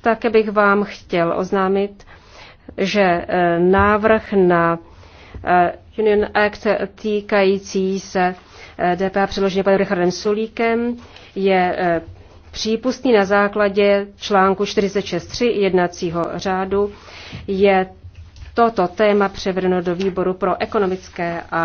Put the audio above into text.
Také bych vám chtěl oznámit, že eh, návrh na eh, Union Act týkající se eh, DPA předložený panem Richardem Sulíkem je přípustný na základě článku 46.3 jednacího řádu. Je toto téma převedeno do výboru pro ekonomické a